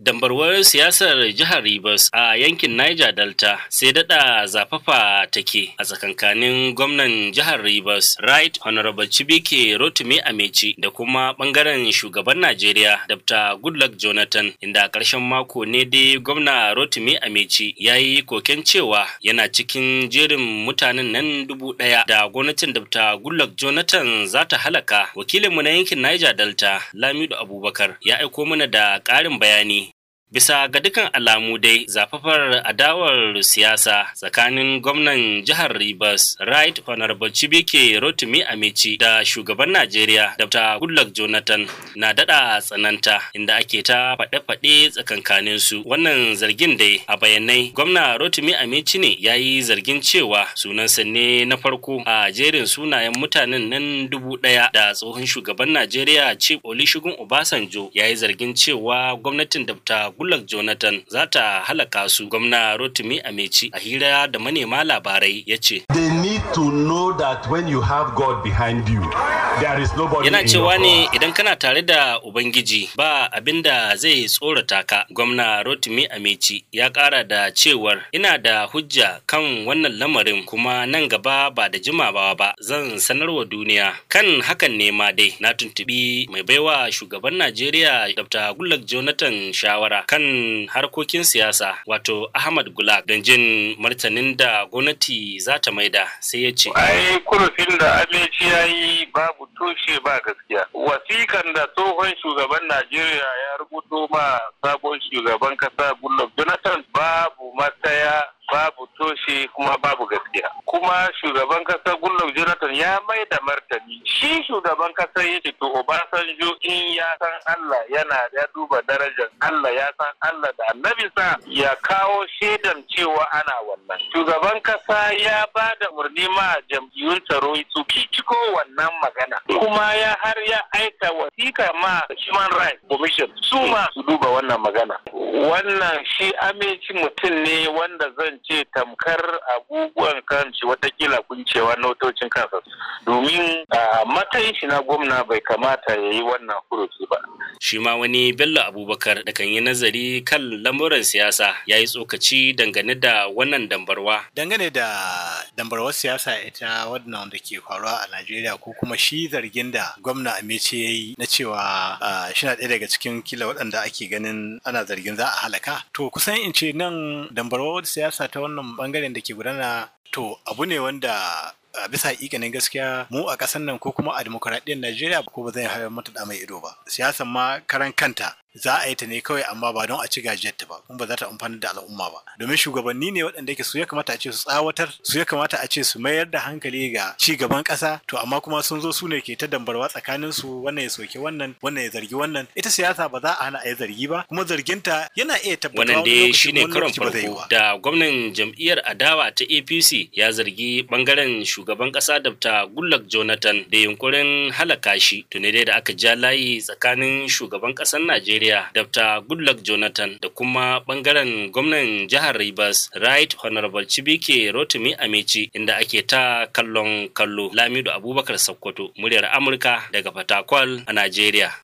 Dambarwar siyasar jihar Rivers a yankin Niger Delta sai dada zafafa take a tsakankanin gwamnan jihar Rivers Right Honorable Chibike Rotimi Amechi da kuma bangaren shugaban Najeriya Dr. Goodluck Jonathan inda a ƙarshen mako ne dai gwamna Rotimi Amechi ya yi koken cewa yana cikin jerin mutanen nan dubu ɗaya da gwamnatin Dr. Goodluck Jonathan za ta halaka wakilinmu na yankin Niger Delta Lamido Abubakar ya aiko mana da ƙarin bayani Bisa ga dukan alamu dai zafafar adawar siyasa tsakanin gwamnan jihar Rivers Right Honorable Chibike Rotimi Amici da shugaban Najeriya Dr. Goodluck Jonathan na dada tsananta inda ake ta faɗe-faɗe tsakankanin su. Wannan zargin dai a bayanai gwamna Rotimi Amici ne ya yi zargin cewa sunansa ne na farko a jerin sunayen mutanen nan dubu ɗaya da tsohon shugaban Najeriya Chief Olusegun Obasanjo ya yi zargin cewa gwamnatin Dr. Goodluck Jonathan za ta halaka su. Gwamna Rotimi Ameci a hira da manema labarai ya ce. They need to know that when you have God behind you. Yana cewa ne idan kana tare da Ubangiji ba abin da zai tsorata ka. Gwamna Rotimi Amici ya ƙara da cewar ina da hujja kan wannan lamarin kuma nan gaba ba da jimawa ba zan sanarwa duniya. Kan hakan ne ma dai na tuntubi mai baiwa shugaban Najeriya Dr. gulag Jonathan shawara kan harkokin siyasa wato Ahmad gulak don jin martanin da gwamnati za ta maida sai ya ce. Ai kurfin da Amici ya yi babu tushe ba gaskiya wasikan da tsohon shugaban najeriya ya rubuto ma sabon shugaban kasa goodluck jonathan babu mataya babu toshe kuma babu gaskiya kuma shugaban kasa goodluck jonathan Obasanjo ya mai da martani shi shugaban kasar ya ce to Obasanjo in ya san Allah yana ya duba darajar Allah ya san Allah da sa ya kawo shaidan cewa ana wannan. Shugaban kasa ya ba da murni ma jam'iyyun tsaro su kiciko wannan magana kuma ya har ya aika wasika ma Human Rights Commission su ma su duba wannan magana. Wannan shi aminci mutum ne wanda zan ce tamkar abubuwan kanci watakila cewa notocin kansa kasar domin matsayin shi na gwamna bai kamata ya yi wannan kuroki ba. Shi ma wani Bello Abubakar da kan yi nazari kan lamuran siyasa ya yi tsokaci dangane da wannan dambarwa. Dangane da dambarwar siyasa ita wannan da ke faruwa a Najeriya ko kuma shi zargin da gwamna Amechi ya yi na cewa shi na ɗaya daga cikin kila waɗanda ake ganin ana zargin za a halaka. To kusan in ce nan dambarwar siyasa ta wannan bangaren da ke gudana to abu ne wanda a bisa ikanin gaskiya mu a ƙasar nan ko kuma a demokaradiyyar Najeriya ko ba zai haifar mata da mai ido ba. Siyasan ma karan kanta za a yi ta ne kawai amma ba don a ci gajiyar ta ba kuma ba za ta amfani da al'umma ba domin shugabanni ne waɗanda ke su ya kamata a ce su tsawatar su ya kamata a ce su mayar da hankali ga ci gaban ƙasa to amma kuma sun zo su ne ke ta dambarwa tsakanin su wannan ya soke wannan wannan ya zargi wannan ita siyasa ba za a hana a yi zargi ba kuma zarginta yana iya tabbata wannan dai shine karon farko da gwamnan jam'iyyar adawa ta APC ya zargi bangaren shugaban ƙasa ta Gullak Jonathan da yunkurin halaka shi tuni dai da aka ja layi tsakanin shugaban ƙasar Najeriya Najeriya Dr. Goodluck Jonathan da kuma bangaren gwamnan jihar Rivers Right Honorable Chibike Rotimi Amechi inda ake ta kallon kallo Lamido Abubakar Sokoto muryar Amurka daga Fatakwal a Najeriya.